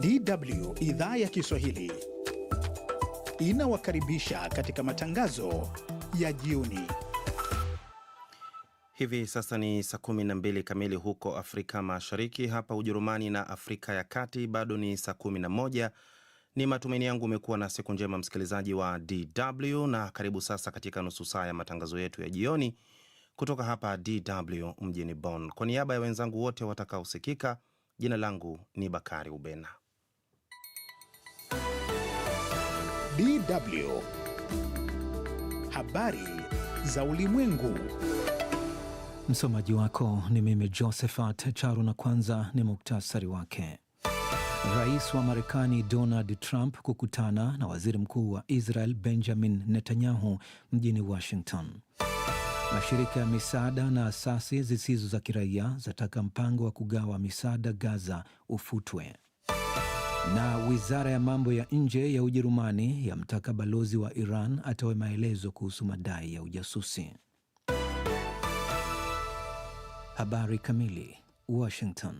DW idhaa ya Kiswahili inawakaribisha katika matangazo ya jioni. Hivi sasa ni saa 12 kamili huko Afrika Mashariki, hapa Ujerumani na Afrika ya Kati bado ni saa 11. Ni matumaini yangu umekuwa na siku njema, msikilizaji wa DW, na karibu sasa katika nusu saa ya matangazo yetu ya jioni kutoka hapa DW mjini Bonn. Kwa niaba ya wenzangu wote watakaosikika, jina langu ni Bakari Ubena. DW. Habari za Ulimwengu. Msomaji wako ni mimi Josephat Charu, na kwanza ni muktasari wake. Rais wa Marekani Donald Trump kukutana na waziri mkuu wa Israel Benjamin Netanyahu mjini Washington. Mashirika ya misaada na asasi zisizo za kiraia zataka mpango wa kugawa misaada Gaza ufutwe. Na wizara ya mambo ya nje ya Ujerumani yamtaka balozi wa Iran atoe maelezo kuhusu madai ya ujasusi. Habari kamili. Washington.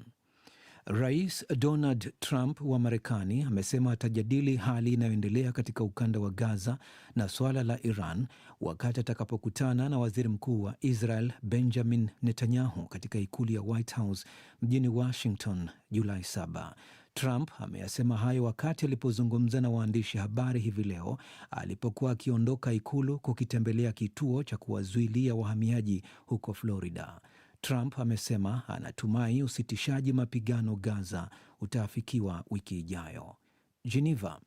Rais Donald Trump wa Marekani amesema atajadili hali inayoendelea katika ukanda wa Gaza na suala la Iran wakati atakapokutana na waziri mkuu wa Israel Benjamin Netanyahu katika ikulu ya White House mjini Washington Julai Trump ameyasema hayo wakati alipozungumza na waandishi habari hivi leo alipokuwa akiondoka ikulu kukitembelea kituo cha kuwazuilia wahamiaji huko Florida. Trump amesema anatumai usitishaji mapigano Gaza utaafikiwa wiki ijayo. Geneva,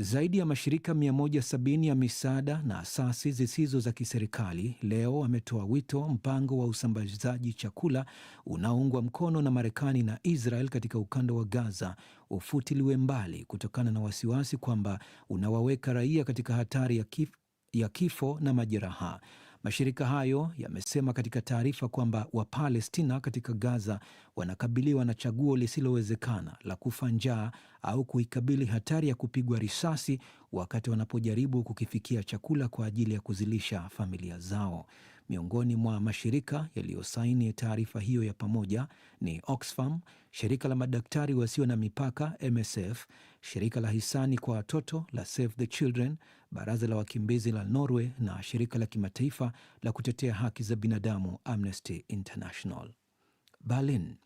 zaidi ya mashirika 170 ya misaada na asasi zisizo za kiserikali leo ametoa wito mpango wa usambazaji chakula unaoungwa mkono na Marekani na Israel katika ukanda wa Gaza ufutiliwe mbali kutokana na wasiwasi kwamba unawaweka raia katika hatari ya ya kifo na majeraha. Mashirika hayo yamesema katika taarifa kwamba Wapalestina katika Gaza wanakabiliwa na chaguo lisilowezekana la kufa njaa au kuikabili hatari ya kupigwa risasi wakati wanapojaribu kukifikia chakula kwa ajili ya kuzilisha familia zao. Miongoni mwa mashirika yaliyosaini taarifa hiyo ya pamoja ni Oxfam, shirika la madaktari wasio na mipaka MSF, shirika la hisani kwa watoto la Save the Children, baraza la wakimbizi la Norway na shirika la kimataifa la kutetea haki za binadamu Amnesty International. Berlin.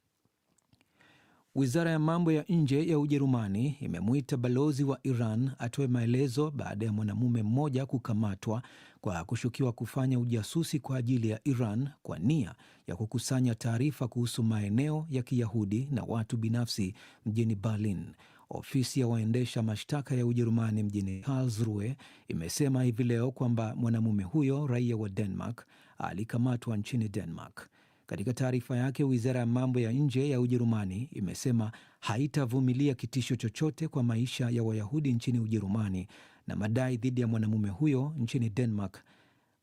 Wizara ya mambo ya nje ya Ujerumani imemwita balozi wa Iran atoe maelezo baada ya mwanamume mmoja kukamatwa kwa kushukiwa kufanya ujasusi kwa ajili ya Iran kwa nia ya kukusanya taarifa kuhusu maeneo ya Kiyahudi na watu binafsi mjini Berlin. Ofisi ya waendesha mashtaka ya Ujerumani mjini Karlsruhe imesema hivi leo kwamba mwanamume huyo raia wa Denmark alikamatwa nchini Denmark. Katika taarifa yake, wizara ya mambo ya nje ya Ujerumani imesema haitavumilia kitisho chochote kwa maisha ya Wayahudi nchini Ujerumani na madai dhidi ya mwanamume huyo nchini Denmark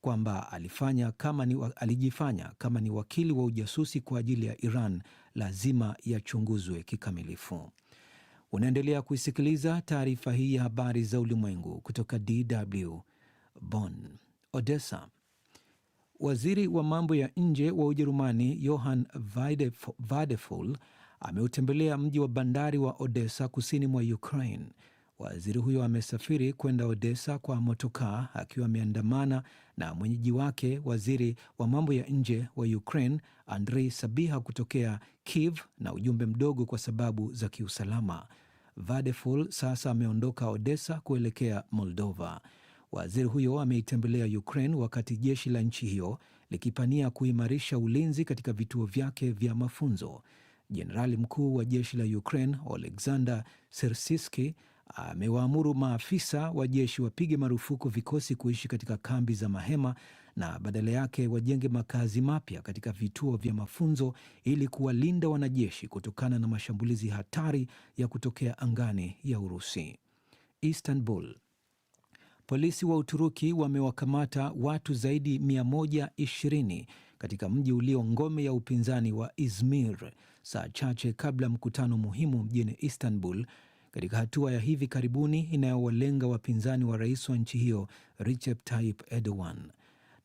kwamba alifanya kama ni, alijifanya kama ni wakili wa ujasusi kwa ajili ya Iran lazima yachunguzwe kikamilifu. Unaendelea kuisikiliza taarifa hii ya habari za ulimwengu kutoka DW Bonn. Odessa Waziri wa mambo ya nje wa Ujerumani Johann Vadeful ameutembelea mji wa bandari wa Odessa kusini mwa Ukraine. Waziri huyo amesafiri kwenda Odessa kwa motokaa akiwa ameandamana na mwenyeji wake, waziri wa mambo ya nje wa Ukraine Andrei Sabiha kutokea Kiev na ujumbe mdogo kwa sababu za kiusalama. Vadeful sasa ameondoka Odessa kuelekea Moldova. Waziri huyo ameitembelea Ukraine wakati jeshi la nchi hiyo likipania kuimarisha ulinzi katika vituo vyake vya mafunzo. Jenerali mkuu wa jeshi la Ukraine Oleksandr sersiski amewaamuru maafisa wa jeshi wapige marufuku vikosi kuishi katika kambi za mahema na badala yake wajenge makazi mapya katika vituo vya mafunzo ili kuwalinda wanajeshi kutokana na mashambulizi hatari ya kutokea angani ya Urusi. Istanbul. Polisi wa Uturuki wamewakamata watu zaidi 120 katika mji ulio ngome ya upinzani wa Izmir saa chache kabla mkutano muhimu mjini Istanbul, katika hatua ya hivi karibuni inayowalenga wapinzani wa rais wa nchi hiyo Recep Tayyip Erdogan.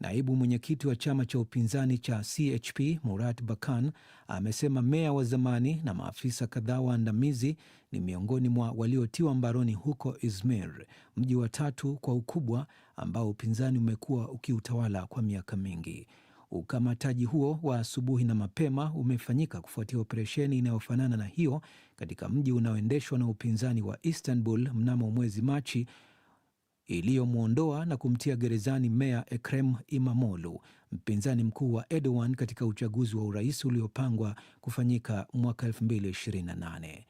Naibu mwenyekiti wa chama cha upinzani cha CHP Murat Bakan amesema meya wa zamani na maafisa kadhaa waandamizi ni miongoni mwa waliotiwa mbaroni huko Izmir, mji wa tatu kwa ukubwa ambao upinzani umekuwa ukiutawala kwa miaka mingi. Ukamataji huo wa asubuhi na mapema umefanyika kufuatia operesheni inayofanana na hiyo katika mji unaoendeshwa na upinzani wa Istanbul mnamo mwezi Machi iliyomwondoa na kumtia gerezani meya Ekrem imamolu mpinzani mkuu wa Erdogan katika uchaguzi wa urais uliopangwa kufanyika mwaka 2028.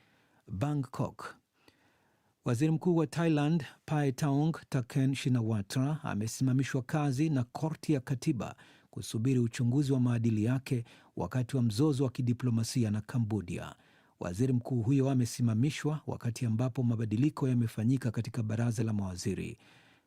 Bangkok. Waziri mkuu wa Thailand Paetongtarn Taken Shinawatra amesimamishwa kazi na korti ya katiba kusubiri uchunguzi wa maadili yake wakati wa mzozo wa kidiplomasia na Kambodia. Waziri mkuu huyo amesimamishwa wakati ambapo mabadiliko yamefanyika katika baraza la mawaziri.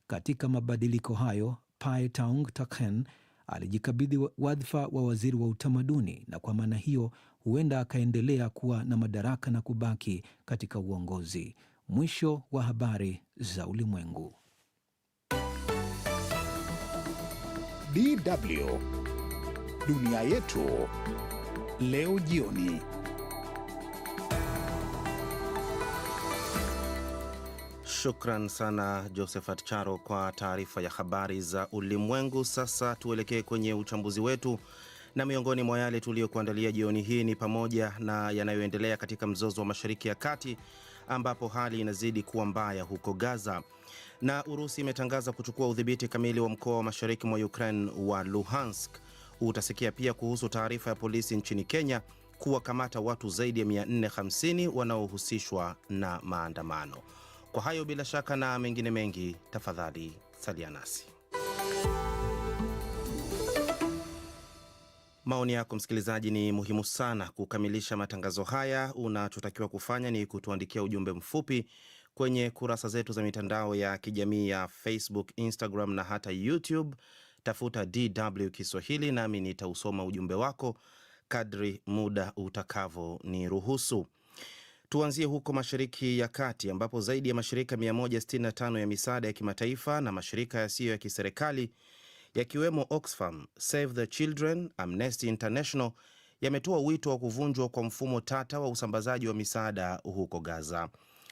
Katika mabadiliko hayo, Pae Taung Takhen alijikabidhi wadhifa wa waziri wa utamaduni na kwa maana hiyo huenda akaendelea kuwa na madaraka na kubaki katika uongozi. Mwisho wa habari za ulimwengu. DW Dunia Yetu Leo Jioni. Shukran sana Josephat Charo kwa taarifa ya habari za ulimwengu. Sasa tuelekee kwenye uchambuzi wetu, na miongoni mwa yale tuliyokuandalia jioni hii ni pamoja na yanayoendelea katika mzozo wa Mashariki ya Kati ambapo hali inazidi kuwa mbaya huko Gaza, na Urusi imetangaza kuchukua udhibiti kamili wa mkoa wa mashariki mwa Ukraine wa Luhansk. Utasikia pia kuhusu taarifa ya polisi nchini Kenya kuwakamata watu zaidi ya 450 wanaohusishwa na maandamano. Kwa hayo bila shaka na mengine mengi, tafadhali salia nasi. Maoni yako msikilizaji ni muhimu sana. Kukamilisha matangazo haya, unachotakiwa kufanya ni kutuandikia ujumbe mfupi kwenye kurasa zetu za mitandao ya kijamii ya Facebook, Instagram na hata YouTube. Tafuta DW Kiswahili nami nitausoma ujumbe wako kadri muda utakavo ni ruhusu. Tuanzie huko Mashariki ya Kati ambapo zaidi ya mashirika 165 ya misaada ya kimataifa na mashirika yasiyo ya kiserikali yakiwemo Oxfam, Save the Children, Amnesty International yametoa wito wa kuvunjwa kwa mfumo tata wa usambazaji wa misaada huko Gaza.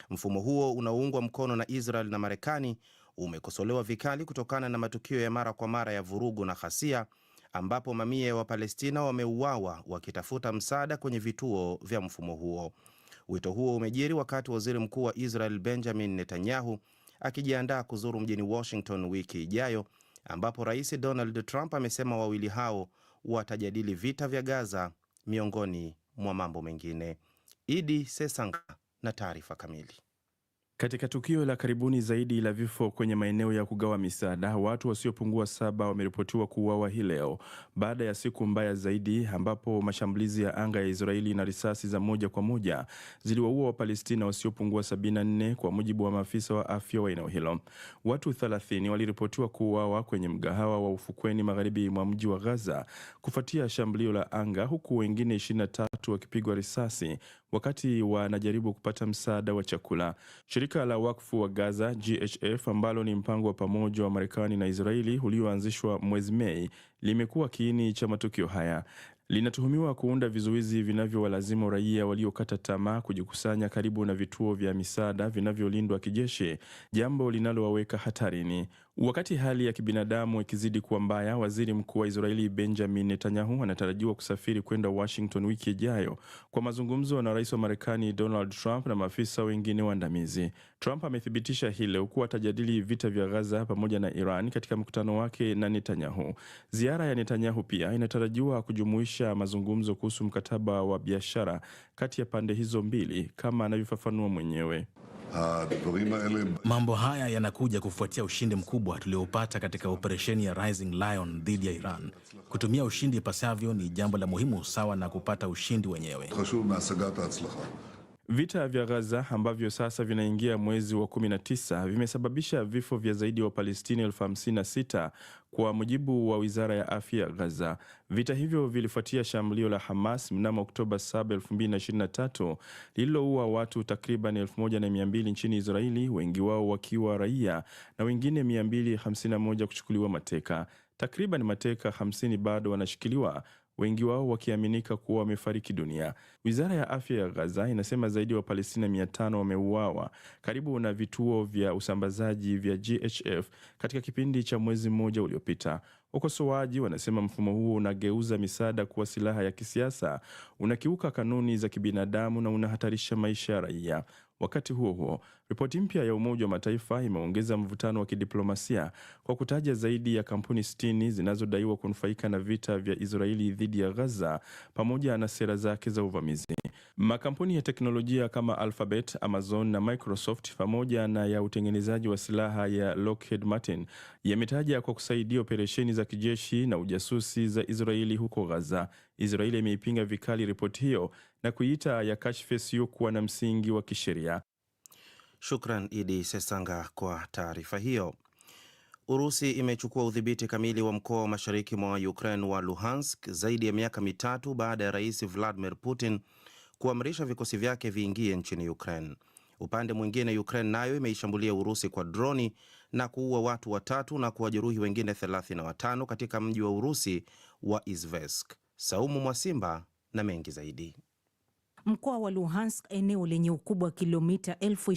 Mfumo huo unaoungwa mkono na Israel na Marekani umekosolewa vikali kutokana na matukio ya mara kwa mara ya vurugu na ghasia ambapo mamia ya Wapalestina wameuawa wakitafuta msaada kwenye vituo vya mfumo huo. Wito huo umejiri wakati waziri mkuu wa Israel Benjamin Netanyahu akijiandaa kuzuru mjini Washington wiki ijayo, ambapo rais Donald Trump amesema wawili hao watajadili vita vya Gaza miongoni mwa mambo mengine. Idi Sesanga na taarifa kamili. Katika tukio la karibuni zaidi la vifo kwenye maeneo ya kugawa misaada, watu wasiopungua saba wameripotiwa kuuawa hii leo baada ya siku mbaya zaidi ambapo mashambulizi ya anga ya Israeli na risasi za moja kwa moja ziliwaua Wapalestina wasiopungua 74 kwa mujibu wa maafisa wa afya wa eneo hilo. Watu 30 waliripotiwa kuuawa kwenye mgahawa wa ufukweni magharibi mwa mji wa Gaza kufuatia shambulio la anga, huku wengine 23 wakipigwa risasi wakati wanajaribu kupata msaada wa chakula. Shirika la wakfu wa Gaza GHF ambalo ni mpango wa pamoja wa Marekani na Israeli ulioanzishwa mwezi Mei limekuwa kiini cha matukio haya. Linatuhumiwa kuunda vizuizi vinavyowalazimu raia waliokata tamaa kujikusanya karibu na vituo vya misaada vinavyolindwa kijeshi, jambo linalowaweka hatarini. Wakati hali ya kibinadamu ikizidi kuwa mbaya, waziri mkuu wa Israeli Benjamin Netanyahu anatarajiwa kusafiri kwenda Washington wiki ijayo kwa mazungumzo na rais wa Marekani Donald Trump na maafisa wengine waandamizi. Trump amethibitisha hilo kuwa atajadili vita vya Gaza pamoja na Iran katika mkutano wake na Netanyahu. Ziara ya Netanyahu pia inatarajiwa kujumuisha mazungumzo kuhusu mkataba wa biashara kati ya pande hizo mbili, kama anavyofafanua mwenyewe. Ah, Mambo haya yanakuja kufuatia ushindi mkubwa tuliopata katika operesheni ya Rising Lion dhidi ya Iran. Kutumia ushindi ipasavyo ni jambo la muhimu sawa na kupata ushindi wenyewe. Vita vya Gaza ambavyo sasa vinaingia mwezi wa 19 vimesababisha vifo vya zaidi ya Wapalestina elfu hamsini na sita kwa mujibu wa wizara ya afya ya Gaza. Vita hivyo vilifuatia shambulio la Hamas mnamo Oktoba 7, 2023 lililoua watu takriban 1200 nchini Israeli, wengi wao wakiwa raia na wengine 251 kuchukuliwa mateka. Takriban mateka 50 bado wanashikiliwa wengi wao wakiaminika kuwa wamefariki dunia. Wizara ya afya ya Gaza inasema zaidi ya Wapalestina 500 wameuawa karibu na vituo vya usambazaji vya GHF katika kipindi cha mwezi mmoja uliopita. Wakosoaji wanasema mfumo huo unageuza misaada kuwa silaha ya kisiasa, unakiuka kanuni za kibinadamu na unahatarisha maisha ya raia. Wakati huo huo, ripoti mpya ya Umoja wa Mataifa imeongeza mvutano wa kidiplomasia kwa kutaja zaidi ya kampuni sitini zinazodaiwa kunufaika na vita vya Israeli dhidi ya Gaza pamoja na sera zake za uvamizi. Makampuni ya teknolojia kama Alphabet, Amazon na Microsoft pamoja na ya utengenezaji wa silaha ya Lockheed Martin yametaja kwa kusaidia operesheni za kijeshi na ujasusi za Israeli huko Gaza. Israeli imeipinga vikali ripoti hiyo na kuita ya kashfa isiyokuwa na msingi wa kisheria. Shukran Idi Sesanga kwa taarifa hiyo. Urusi imechukua udhibiti kamili wa mkoa wa mashariki mwa Ukraine wa Luhansk zaidi ya miaka mitatu baada ya rais Vladimir Putin kuamrisha vikosi vyake viingie nchini Ukraine. Upande mwingine, Ukraine nayo imeishambulia Urusi kwa droni na kuua watu watatu na kuwajeruhi wengine 35 katika mji wa Urusi wa Izvesk. Saumu Mwasimba na mengi zaidi. Mkoa wa Luhansk, eneo lenye ukubwa wa kilomita elfu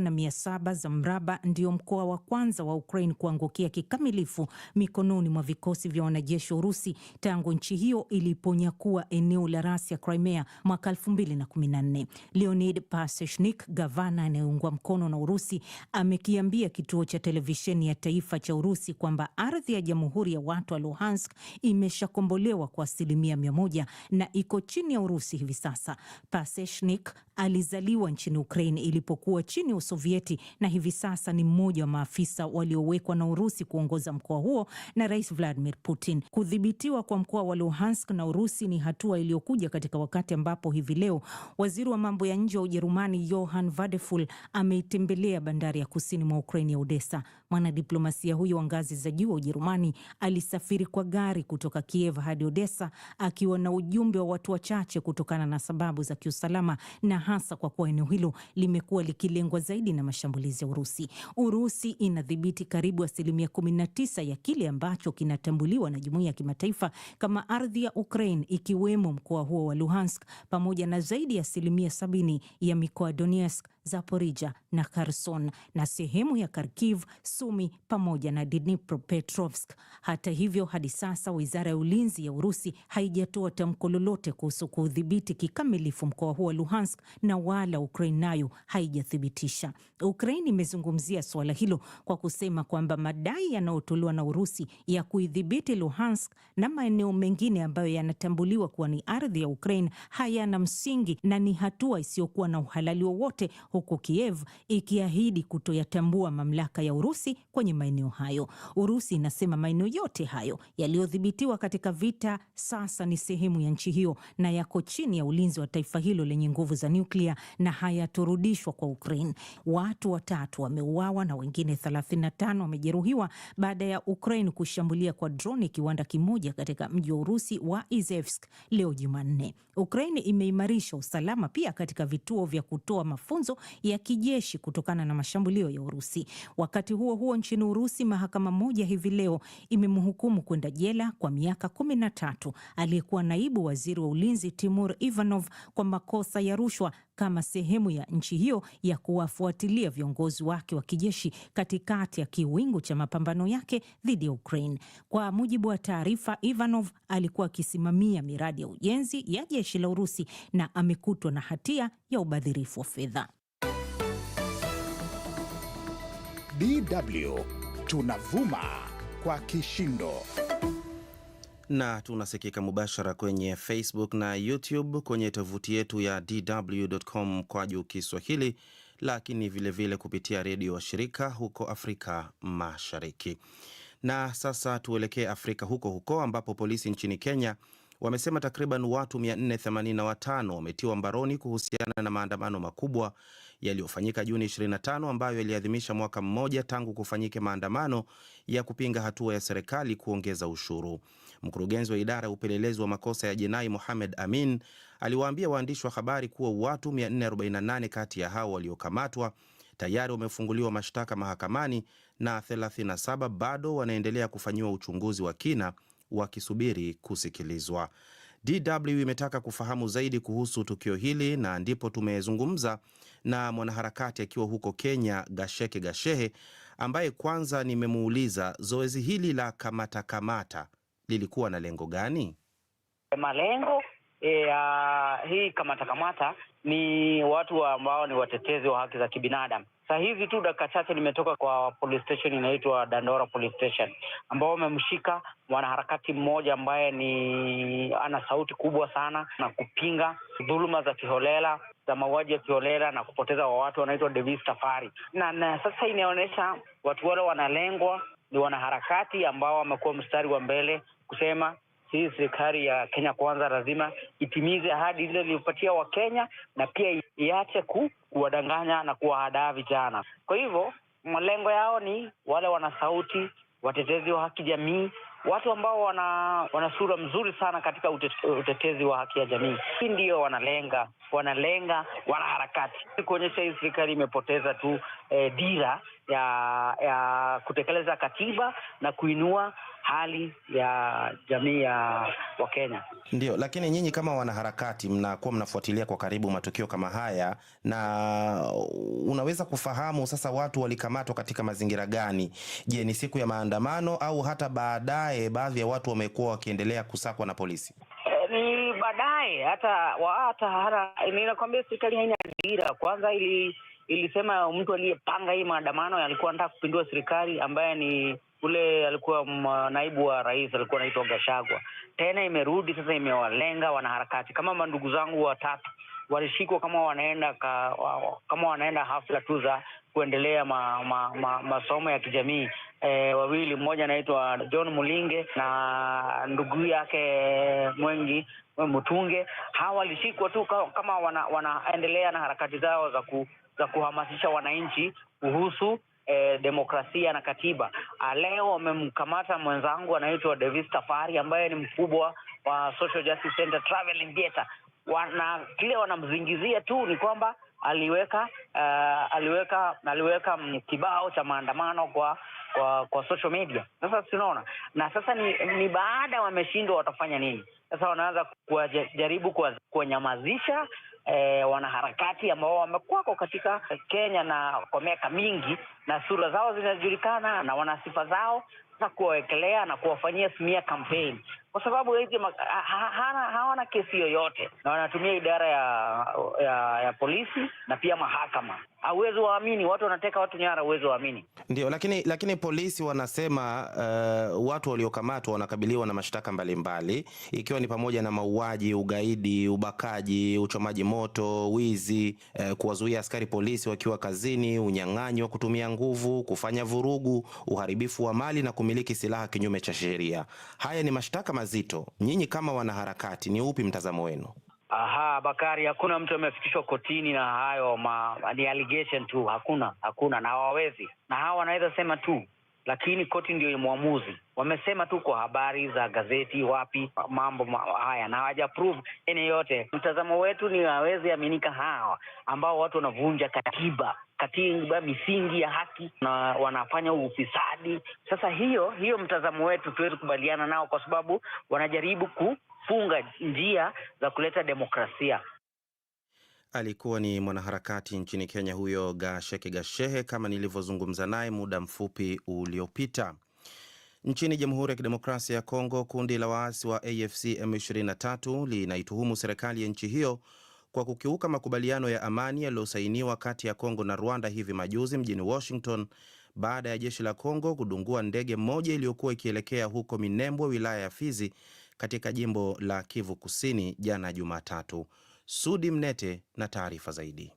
na za mraba, ndio mkoa wa kwanza wa Ukraine kuangukia kikamilifu mikononi mwa vikosi vya wanajeshi wa Urusi tangu nchi hiyo iliponyakua eneo la rasi ya Crimea mwaka 2014. Leonid Pasechnik, gavana anayeungwa mkono na Urusi, amekiambia kituo cha televisheni ya taifa cha Urusi kwamba ardhi ya Jamhuri ya Watu wa Luhansk imeshakombolewa kwa asilimia mia moja na iko chini ya Urusi hivi sasa sasa. Pasechnik alizaliwa nchini Ukraine ilipokuwa chini ya Usovieti na hivi sasa ni mmoja wa maafisa waliowekwa na Urusi kuongoza mkoa huo na Rais Vladimir Putin. Kudhibitiwa kwa mkoa wa Luhansk na Urusi ni hatua iliyokuja katika wakati ambapo hivi leo waziri wa mambo ya nje wa Ujerumani Johann Vadeful ameitembelea bandari ya kusini mwa Ukraine ya Odessa. Mwanadiplomasia huyo wa ngazi za juu wa Ujerumani alisafiri kwa gari kutoka Kiev hadi Odessa akiwa na ujumbe wa watu wachache kutokana na sababu sababu za kiusalama na hasa kwa kuwa eneo hilo limekuwa likilengwa zaidi na mashambulizi ya Urusi. Urusi inadhibiti karibu asilimia 19 ya kile ambacho kinatambuliwa na jumuiya ya kimataifa kama ardhi ya Ukraine, ikiwemo mkoa huo wa Luhansk pamoja na zaidi ya asilimia 70 ya mikoa Donetsk Zaporija na Kherson na sehemu ya Kharkiv, Sumi pamoja na Dnipropetrovsk. Hata hivyo, hadi sasa wizara ya ulinzi ya Urusi haijatoa tamko lolote kuhusu kuudhibiti kikamilifu mkoa huo wa Luhansk na wala Ukraine nayo haijathibitisha. Ukraine imezungumzia suala hilo kwa kusema kwamba madai yanayotolewa na Urusi ya kuidhibiti Luhansk na maeneo mengine ambayo yanatambuliwa kuwa ni ardhi ya Ukraine hayana msingi na ni hatua isiyokuwa na uhalali wowote huku Kiev ikiahidi kutoyatambua mamlaka ya Urusi kwenye maeneo hayo. Urusi inasema maeneo yote hayo yaliyodhibitiwa katika vita sasa ni sehemu ya nchi hiyo na yako chini ya ulinzi wa taifa hilo lenye nguvu za nyuklia na hayaturudishwa kwa Ukraine. Watu watatu wameuawa na wengine 35 wamejeruhiwa baada ya Ukraine kushambulia kwa droni kiwanda kimoja katika mji wa Urusi wa Izevsk leo Jumanne. Ukraine imeimarisha usalama pia katika vituo vya kutoa mafunzo ya kijeshi kutokana na mashambulio ya Urusi. Wakati huo huo, nchini Urusi, mahakama moja hivi leo imemhukumu kwenda jela kwa miaka kumi na tatu aliyekuwa naibu waziri wa ulinzi Timur Ivanov kwa makosa ya rushwa kama sehemu ya nchi hiyo ya kuwafuatilia viongozi wake wa kijeshi katikati ya kiwingu cha mapambano yake dhidi ya Ukraine. Kwa mujibu wa taarifa, Ivanov alikuwa akisimamia miradi ya ujenzi ya jeshi la Urusi na amekutwa na hatia ya ubadhirifu wa fedha. DW tunavuma kwa kishindo na tunasikika mubashara kwenye Facebook na YouTube kwenye tovuti yetu ya DW.com kwa juu Kiswahili, lakini vilevile vile kupitia redio wa shirika huko Afrika Mashariki. Na sasa tuelekee Afrika huko huko ambapo polisi nchini Kenya wamesema takriban watu 485 wametiwa mbaroni kuhusiana na maandamano makubwa yaliyofanyika Juni 25 ambayo yaliadhimisha mwaka mmoja tangu kufanyike maandamano ya kupinga hatua ya serikali kuongeza ushuru. Mkurugenzi wa idara ya upelelezi wa makosa ya jinai Mohamed Amin aliwaambia waandishi wa habari kuwa watu 448 kati ya hao waliokamatwa tayari wamefunguliwa mashtaka mahakamani na 37 bado wanaendelea kufanyiwa uchunguzi wa kina wakisubiri kusikilizwa. DW imetaka kufahamu zaidi kuhusu tukio hili na ndipo tumezungumza na mwanaharakati akiwa huko Kenya, Gasheke Gashehe, ambaye kwanza nimemuuliza zoezi hili la kamata kamata lilikuwa na lengo gani? Malengo eh, ya e, hii kamata kamata ni watu ambao ni watetezi wa haki za kibinadamu. Sasa hivi tu dakika chache nimetoka kwa police station inaitwa Dandora Police Station, ambao wamemshika mwanaharakati mmoja ambaye ni ana sauti kubwa sana na kupinga dhuluma za kiholela za mauaji ya kiholela na kupoteza wa watu wanaitwa Davis Safari na, na sasa inaonyesha watu wale wanalengwa ni wanaharakati ambao wamekuwa mstari wa mbele kusema hii serikali ya Kenya Kwanza lazima itimize ahadi ile iliyopatia Wakenya na pia iache ku, kuwadanganya na kuwahadaa vijana. Kwa hivyo malengo yao ni wale wana sauti, watetezi wa haki jamii, watu ambao wana, wana sura mzuri sana katika utetezi wa haki ya jamii. Hii ndiyo wanalenga, wanalenga wanaharakati kuonyesha hii serikali imepoteza tu eh, dira ya, ya kutekeleza katiba na kuinua hali ya jamii ya Wakenya. Ndio, lakini nyinyi kama wanaharakati mnakuwa mnafuatilia kwa karibu matukio kama haya, na unaweza kufahamu sasa watu walikamatwa katika mazingira gani? Je, ni siku ya maandamano au hata baadaye baadhi ya watu wamekuwa wakiendelea kusakwa na polisi? Eh, ni baadaye hata hata, ninakwambia, serikali haina ajira. kwanza ili ilisema mtu aliyepanga hii maandamano alikuwa anataka kupindua serikali, ambaye ni ule alikuwa naibu wa rais, alikuwa anaitwa Gashagwa. Tena imerudi sasa, imewalenga wanaharakati kama mandugu zangu watatu walishikwa kama wanaenda ka, kama wanaenda hafla tu za kuendelea ma, ma, ma, masomo ya kijamii e, wawili, mmoja anaitwa John Mulinge na ndugu yake Mwengi Mutunge. Hawa walishikwa tu kama wana, wanaendelea na harakati zao za ku za kuhamasisha wananchi kuhusu E, demokrasia na katiba. Ah, leo wamemkamata mwenzangu anaitwa Davis Tafari ambaye ni mkubwa wa Social Justice Center Traveling Wana kile wanamzingizia tu ni kwamba aliweka uh, aliweka aliweka mm, kibao cha maandamano kwa kwa kwa social media. Sasa tunaona na sasa ni, ni baada wameshindwa watafanya nini sasa, wanaanza kuwajaribu kuwanyamazisha e, wanaharakati ambao wamekuwako katika Kenya na kwa miaka mingi na sura zao zinajulikana na wana sifa zao, na kuwawekelea na kuwafanyia simia kampeni kwa sababu hizi hawana kesi yoyote, na wanatumia idara ya, ya, ya polisi na pia mahakama. Hauwezi waamini, watu wanateka watu nyara, huwezi waamini. Ndio, lakini lakini polisi wanasema uh, watu waliokamatwa wanakabiliwa na mashtaka mbalimbali, ikiwa ni pamoja na mauaji, ugaidi, ubakaji, uchomaji moto, wizi, uh, kuwazuia askari polisi wakiwa kazini, unyang'anyi wa kutumia nguvu, kufanya vurugu, uharibifu wa mali na kumiliki silaha kinyume cha sheria. Haya ni mashtaka mazito, nyinyi kama wanaharakati, ni upi mtazamo wenu? Aha, Bakari, hakuna mtu amefikishwa kotini na hayo ma, ni allegation tu, hakuna hakuna, na hawawezi na hawa wanaweza sema tu lakini koti ndio mwamuzi. Wamesema tu kwa habari za gazeti, wapi mambo haya, na hawajaprove ene yote. Mtazamo wetu ni hawezi aminika hawa ambao watu wanavunja katiba katiba misingi ya haki na wanafanya ufisadi. Sasa hiyo hiyo, mtazamo wetu tuwezi kubaliana nao, kwa sababu wanajaribu kufunga njia za kuleta demokrasia. Alikuwa ni mwanaharakati nchini Kenya huyo Gasheke Gashehe, kama nilivyozungumza naye muda mfupi uliopita. Nchini Jamhuri ya Kidemokrasia ya Kongo, kundi la waasi wa AFC M23 linaituhumu serikali ya nchi hiyo kwa kukiuka makubaliano ya amani yaliyosainiwa kati ya Kongo na Rwanda hivi majuzi mjini Washington, baada ya jeshi la Kongo kudungua ndege moja iliyokuwa ikielekea huko Minembwe, wilaya ya Fizi, katika jimbo la Kivu Kusini jana Jumatatu. Sudi Mnete na taarifa zaidi.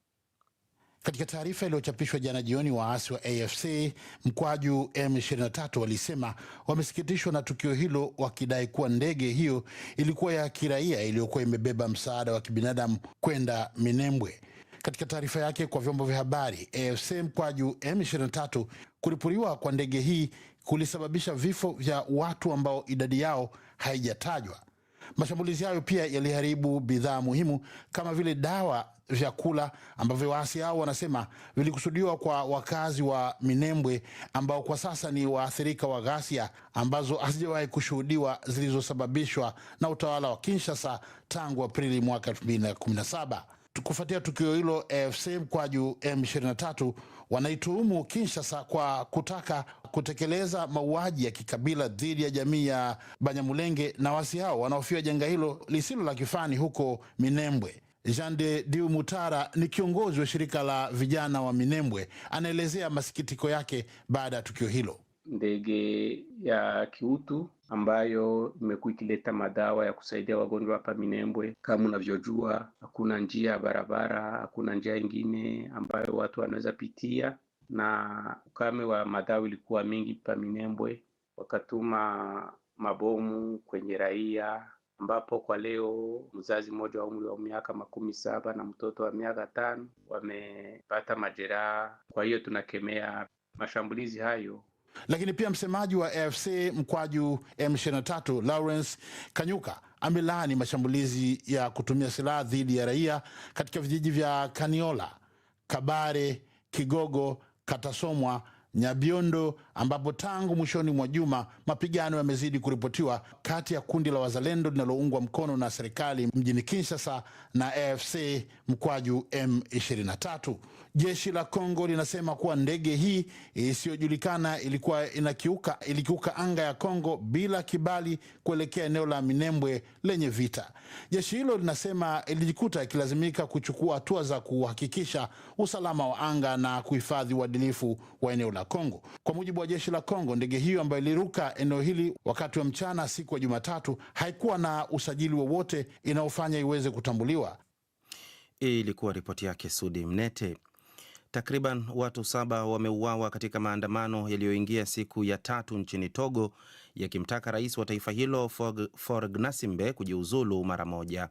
Katika taarifa iliyochapishwa jana jioni, waasi wa AFC mkwaju M23 walisema wamesikitishwa na tukio hilo, wakidai kuwa ndege hiyo ilikuwa ya kiraia iliyokuwa imebeba msaada wa kibinadamu kwenda Minembwe. Katika taarifa yake kwa vyombo vya habari, AFC mkwaju M23 kulipuliwa kwa ndege hii kulisababisha vifo vya watu ambao idadi yao haijatajwa. Mashambulizi hayo pia yaliharibu bidhaa muhimu kama vile dawa, vyakula ambavyo waasi hao wanasema vilikusudiwa kwa wakazi wa Minembwe ambao kwa sasa ni waathirika wa ghasia ambazo hazijawahi kushuhudiwa zilizosababishwa na utawala wa Kinshasa tangu Aprili mwaka 2017. Kufuatia tukio hilo, AFC mkwaju M23 wanaituhumu Kinshasa kwa kutaka kutekeleza mauaji ya kikabila dhidi ya jamii ya Banyamulenge na wasi hao wanaofia janga hilo lisilo la kifani huko Minembwe. Jean de Dieu Mutara ni kiongozi wa shirika la vijana wa Minembwe, anaelezea masikitiko yake baada ya tukio hilo. Ndege ya kiutu ambayo imekuwa ikileta madawa ya kusaidia wagonjwa hapa Minembwe. Kama unavyojua, hakuna njia ya barabara, hakuna njia ingine ambayo watu wanaweza pitia, na ukame wa madawa ilikuwa mingi pa Minembwe, wakatuma mabomu kwenye raia ambapo kwa leo mzazi mmoja wa umri wa miaka makumi saba na mtoto wa miaka tano wamepata majeraha. Kwa hiyo tunakemea mashambulizi hayo lakini pia msemaji wa AFC mkwaju M23 Lawrence Kanyuka amelaani mashambulizi ya kutumia silaha dhidi ya raia katika vijiji vya Kaniola, Kabare, Kigogo, Katasomwa, Nyabiondo ambapo tangu mwishoni mwa juma mapigano yamezidi kuripotiwa kati ya kundi la wazalendo linaloungwa mkono na serikali mjini Kinshasa na AFC mkwaju M23. Jeshi la congo linasema kuwa ndege hii isiyojulikana ilikuwa inakiuka ilikiuka anga ya congo bila kibali kuelekea eneo la Minembwe lenye vita. Jeshi hilo linasema ilijikuta ikilazimika kuchukua hatua za kuhakikisha usalama wa anga na kuhifadhi uadilifu wa eneo la congo kwa mujibu wa jeshi la Kongo, ndege hiyo ambayo iliruka eneo hili wakati wa mchana siku ya Jumatatu haikuwa na usajili wowote inayofanya iweze kutambuliwa. Hii ilikuwa ripoti yake Sudi Mnete. Takriban watu saba wameuawa katika maandamano yaliyoingia siku ya tatu nchini Togo yakimtaka rais wa taifa hilo Faure Gnassingbe kujiuzulu mara moja.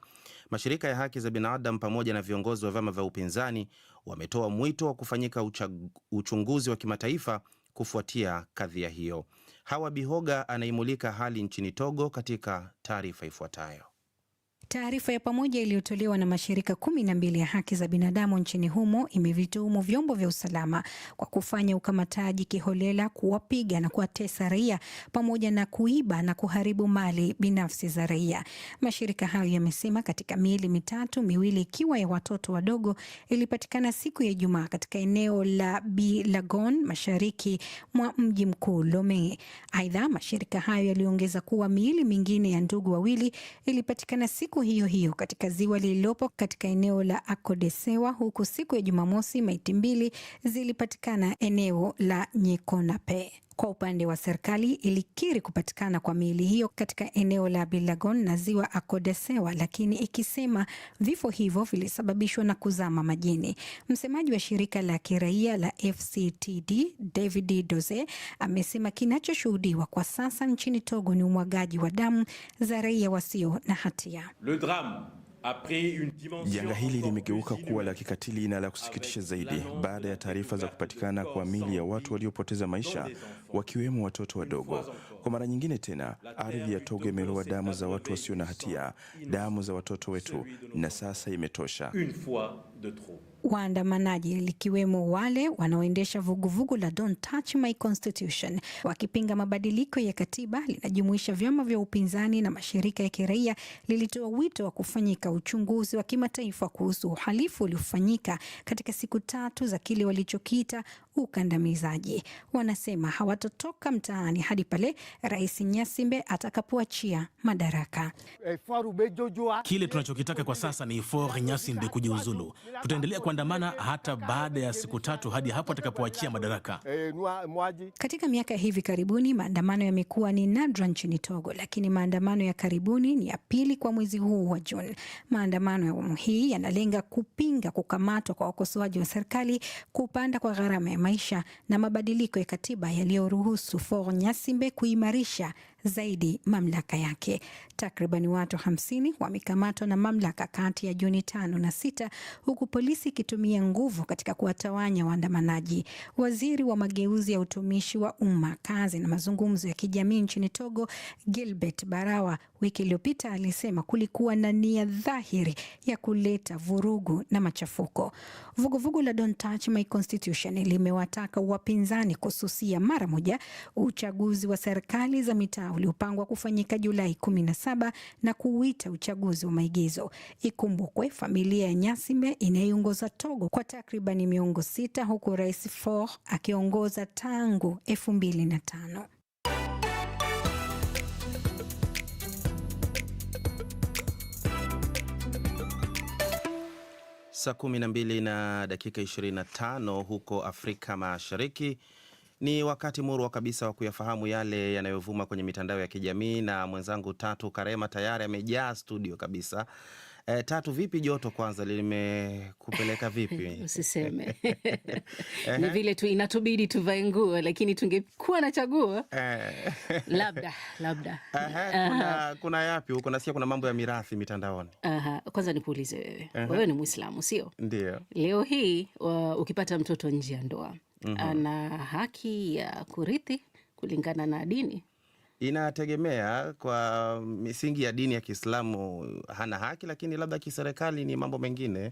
Mashirika ya haki za binadamu pamoja na viongozi wa vyama vya upinzani wametoa mwito wa kufanyika uchunguzi wa kimataifa kufuatia kadhia hiyo. Hawa Bihoga anaimulika hali nchini Togo katika taarifa ifuatayo. Taarifa ya pamoja iliyotolewa na mashirika kumi na mbili ya haki za binadamu nchini humo imevituhumu vyombo vya usalama kwa kufanya ukamataji kiholela, kuwapiga na kuwatesa raia pamoja na kuiba na kuharibu mali binafsi za raia. Mashirika hayo yamesema katika miili mitatu, miwili ikiwa ya watoto wadogo, ilipatikana siku ya Ijumaa katika eneo la Billabong mashariki mwa mji mkuu Lome. Aidha, mashirika hayo yaliongeza kuwa miili mingine ya ndugu wawili ilipatikana siku siku hiyo hiyo katika ziwa lililopo katika eneo la Akodesewa, huku siku ya Jumamosi maiti mbili zilipatikana eneo la Nyekonape. Kwa upande wa serikali ilikiri kupatikana kwa miili hiyo katika eneo la bilagon na ziwa Akodesewa, lakini ikisema vifo hivyo vilisababishwa na kuzama majini. Msemaji wa shirika la kiraia la FCTD David Doze amesema kinachoshuhudiwa kwa sasa nchini Togo ni umwagaji wa damu za raia wasio na hatia. Le drame Janga hili limegeuka kuwa la kikatili na la kusikitisha zaidi baada ya taarifa za kupatikana kwa mili ya watu waliopoteza maisha wakiwemo watoto wadogo. Kwa mara nyingine tena, ardhi ya Togo imelowa damu za watu wasio na hatia, damu za watoto wetu, na sasa imetosha waandamanaji likiwemo wale wanaoendesha vuguvugu la Don't Touch My Constitution wakipinga mabadiliko ya katiba linajumuisha vyama vya upinzani na mashirika ya kiraia lilitoa wito wa kufanyika uchunguzi wa kimataifa kuhusu uhalifu uliofanyika katika siku tatu za kile walichokiita ukandamizaji. Wanasema hawatotoka mtaani hadi pale Rais Nyasimbe atakapoachia madaraka. Eh, kile tunachokitaka kwa sasa ni Faure Nyasimbe kujiuzulu. Tutaendelea kwa kuandamana hata baada ya siku tatu hadi hapo atakapoachia madaraka. Eh, Katika miaka hivi karibuni maandamano yamekuwa ni nadra nchini Togo, lakini maandamano ya karibuni ni ya pili kwa mwezi huu wa Juni. Maandamano ya awamu hii yanalenga kupinga kukamatwa kwa wakosoaji wa serikali, kupanda kwa gharama ya maisha na mabadiliko ya katiba yaliyoruhusu Faure Gnassingbe kuimarisha zaidi mamlaka yake. Takribani watu hamsini wamekamatwa na mamlaka kati ya Juni tano na sita huku polisi ikitumia nguvu katika kuwatawanya waandamanaji. Waziri wa mageuzi ya utumishi wa umma, kazi na mazungumzo ya kijamii nchini Togo, Gilbert Barawa, wiki iliyopita alisema kulikuwa na nia dhahiri ya kuleta vurugu na machafuko. Vuguvugu vugu la Don't Touch My Constitution limewataka wapinzani kususia mara moja uchaguzi wa serikali za mitaa uliopangwa kufanyika Julai 17 na kuuita uchaguzi wa maigizo. Ikumbukwe familia ya Nyasime inayoongoza Togo kwa takribani miongo sita huku Rais Faure akiongoza tangu 2005. Saa 12 na dakika 25 huko Afrika Mashariki. Ni wakati murwa kabisa wa kuyafahamu yale yanayovuma kwenye mitandao ya kijamii na mwenzangu Tatu Karema tayari amejaa studio kabisa. E, Tatu, vipi joto kwanza limekupeleka vipi? Usiseme ni vile tu inatubidi tuvae nguo, lakini tungekuwa na chaguo eh. labda labda. Kuna, kuna yapi huko? Nasikia kuna mambo ya mirathi mitandaoni. kwanza nikuulize wewe, wewe ni Mwislamu sio? Ndio leo hii wa, ukipata mtoto nje ya ndoa mm -hmm. ana haki ya kurithi kulingana na dini inategemea kwa misingi ya dini ya Kiislamu hana haki, lakini labda kiserikali ni mambo mengine.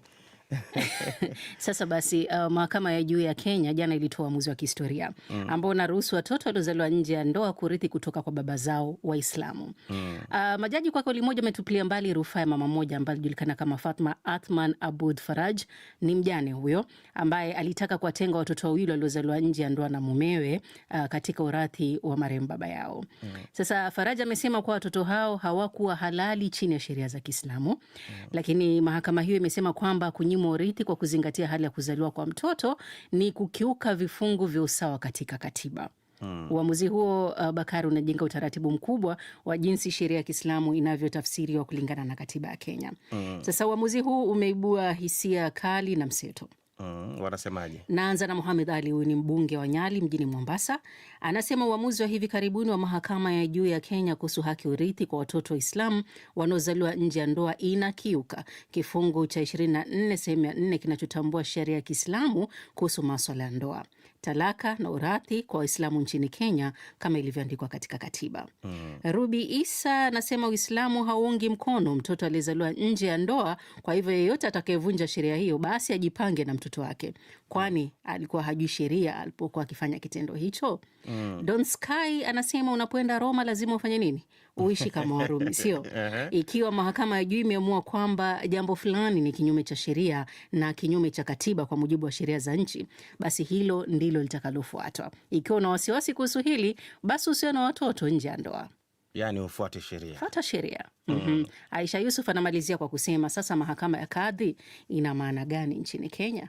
Sasa basi, uh, mahakama ya juu ya Kenya jana ilitoa uamuzi wa kihistoria mm. ambao unaruhusu watoto waliozaliwa nje ya ndoa kurithi kutoka kwa baba zao Waislamu mm. uh, majaji kwa kauli moja ametupilia mbali rufaa ya mama moja ambaye alijulikana kama Fatma Athman Abud Faraj, ni mjane huyo ambaye alitaka kuwatenga watoto wawili waliozaliwa nje ya ndoa na mumewe uh, katika urathi wa marehemu baba yao mm. Sasa Faraj amesema kuwa watoto hao hawakuwa halali chini ya sheria za Kiislamu mm. lakini mahakama hiyo imesema kwamba kunyima kupima urithi kwa kuzingatia hali ya kuzaliwa kwa mtoto ni kukiuka vifungu vya usawa katika katiba. Hmm. Uamuzi huo uh, Bakari, unajenga utaratibu mkubwa wa jinsi sheria ya Kiislamu inavyotafsiriwa kulingana na katiba ya Kenya. Hmm. Sasa uamuzi huu umeibua hisia kali na mseto. Mm, wanasemaje? Naanza na Mohamed Ali, huyu ni mbunge wa Nyali mjini Mombasa. Anasema uamuzi wa hivi karibuni wa mahakama ya juu ya Kenya kuhusu haki urithi kwa watoto wa Islam wanaozaliwa nje ya ndoa inakiuka kifungu cha 24 sehemu ya 4 kinachotambua sheria ya Kiislamu kuhusu maswala ya ndoa talaka na urathi kwa Waislamu nchini Kenya kama ilivyoandikwa katika katiba. Mm. Rubi Isa anasema Uislamu hauungi mkono mtoto aliyezaliwa nje ya ndoa, kwa hivyo yeyote atakayevunja sheria hiyo basi ajipange na mtoto wake, kwani alikuwa hajui sheria alipokuwa akifanya kitendo hicho mm. Don Sky anasema unapoenda Roma lazima ufanye nini? Uishi kama Warumi, sio? Ikiwa mahakama ya juu imeamua kwamba jambo fulani ni kinyume cha sheria na kinyume cha katiba kwa mujibu wa sheria za nchi, basi hilo ndilo litakalofuatwa. Ikiwa una wasiwasi kuhusu hili, basi usio na watoto nje ya ndoa. Yani, ufuate sheria, fuata sheria. mm -hmm. Aisha Yusuf anamalizia kwa kusema sasa, mahakama ya kadhi ina maana gani nchini Kenya?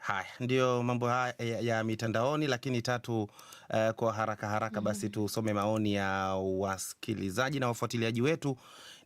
Haya ndiyo mambo haya ya, ya mitandaoni. Lakini tatu, uh, kwa haraka haraka mm-hmm. basi tusome maoni ya wasikilizaji na wafuatiliaji wetu,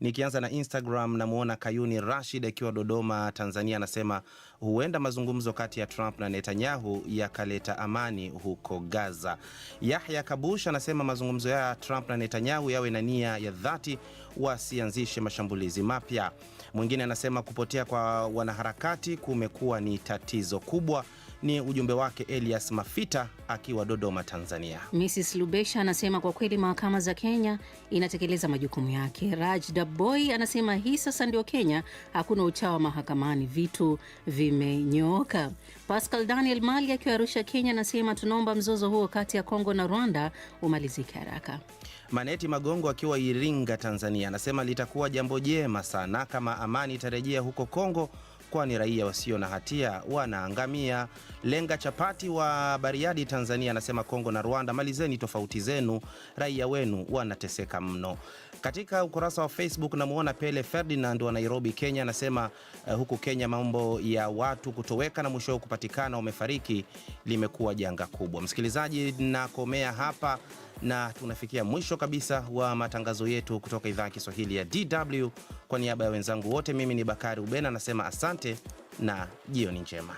nikianza na Instagram. Namwona Kayuni Rashid akiwa Dodoma, Tanzania, anasema huenda mazungumzo kati ya Trump na Netanyahu yakaleta amani huko Gaza. Yahya Kabush anasema mazungumzo ya Trump na Netanyahu yawe na nia ya dhati, wasianzishe mashambulizi mapya. Mwingine anasema kupotea kwa wanaharakati kumekuwa ni tatizo kubwa. Ni ujumbe wake Elias Mafita akiwa Dodoma, Tanzania. Mrs Lubesha anasema kwa kweli mahakama za Kenya inatekeleza majukumu yake. Raj Daboy anasema hii sasa ndio Kenya, hakuna uchawa mahakamani, vitu vimenyooka. Pascal Daniel Mali akiwa Arusha, Kenya anasema tunaomba mzozo huo kati ya Kongo na Rwanda umalizike haraka. Maneti Magongo akiwa Iringa, Tanzania, anasema litakuwa jambo jema sana kama amani itarejea huko Kongo, kwani raia wasio na hatia wanaangamia. Lenga Chapati wa Bariadi, Tanzania, anasema Kongo na Rwanda, malizeni tofauti zenu, raia wenu wanateseka mno. Katika ukurasa wa Facebook namwona Pele Ferdinand wa Nairobi, Kenya, anasema uh, huku Kenya mambo ya watu kutoweka na mwishowe kupatikana wamefariki limekuwa janga kubwa. Msikilizaji, nakomea hapa na tunafikia mwisho kabisa wa matangazo yetu kutoka idhaa ya Kiswahili ya DW. Kwa niaba ya wenzangu wote, mimi ni Bakari Ubena anasema asante na jioni njema.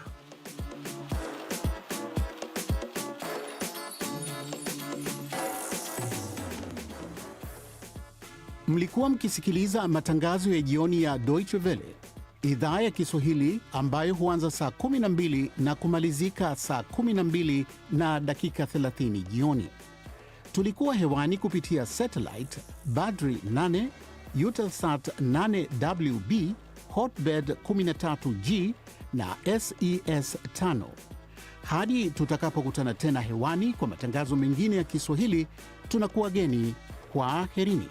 Mlikuwa mkisikiliza matangazo ya jioni ya Deutsche vele idhaa ya Kiswahili ambayo huanza saa 12 na kumalizika saa 12 na dakika 30 jioni. Tulikuwa hewani kupitia satellite Badri 8, Eutelsat 8WB, Hotbird 13G na SES 5. E Hadi tutakapokutana tena hewani kwa matangazo mengine ya Kiswahili, tunakuwageni herini